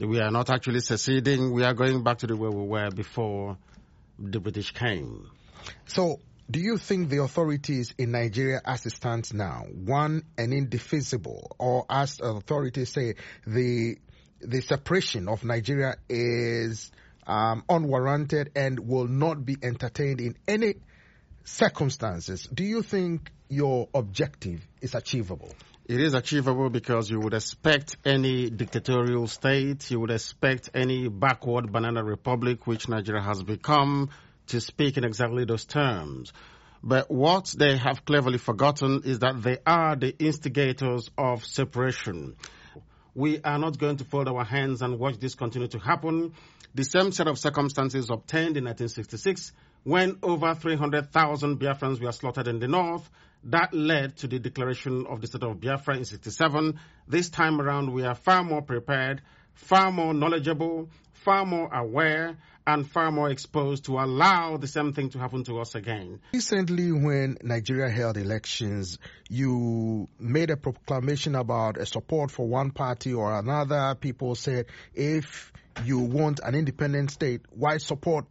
we are not actually seceding. We are going back to the way we were before the British came. So, do you think the authorities in Nigeria, as it stands now, one and indefensible, or as authorities say, the the separation of Nigeria is um, unwarranted and will not be entertained in any circumstances, do you think your objective is achievable? It is achievable because you would expect any dictatorial state, you would expect any backward banana republic, which Nigeria has become, to speak in exactly those terms. But what they have cleverly forgotten is that they are the instigators of separation. We are not going to fold our hands and watch this continue to happen. The same set of circumstances obtained in 1966 when over 300,000 Biafrans were slaughtered in the north. That led to the declaration of the state of Biafra in 67. This time around, we are far more prepared far more knowledgeable, far more aware, and far more exposed to allow the same thing to happen to us again. Recently, when Nigeria held elections, you made a proclamation about a support for one party or another. People said, if you want an independent state, why support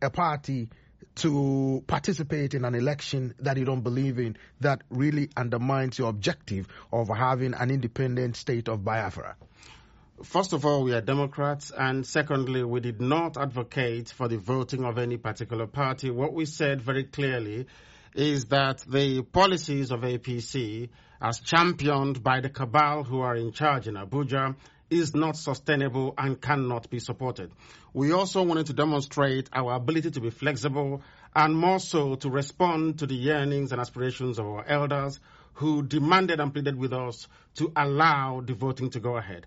a party? To participate in an election that you don't believe in, that really undermines your objective of having an independent state of Biafra. First of all, we are Democrats, and secondly, we did not advocate for the voting of any particular party. What we said very clearly is that the policies of APC, as championed by the cabal who are in charge in Abuja, is not sustainable and cannot be supported. We also wanted to demonstrate our ability to be flexible and more so to respond to the yearnings and aspirations of our elders who demanded and pleaded with us to allow the voting to go ahead.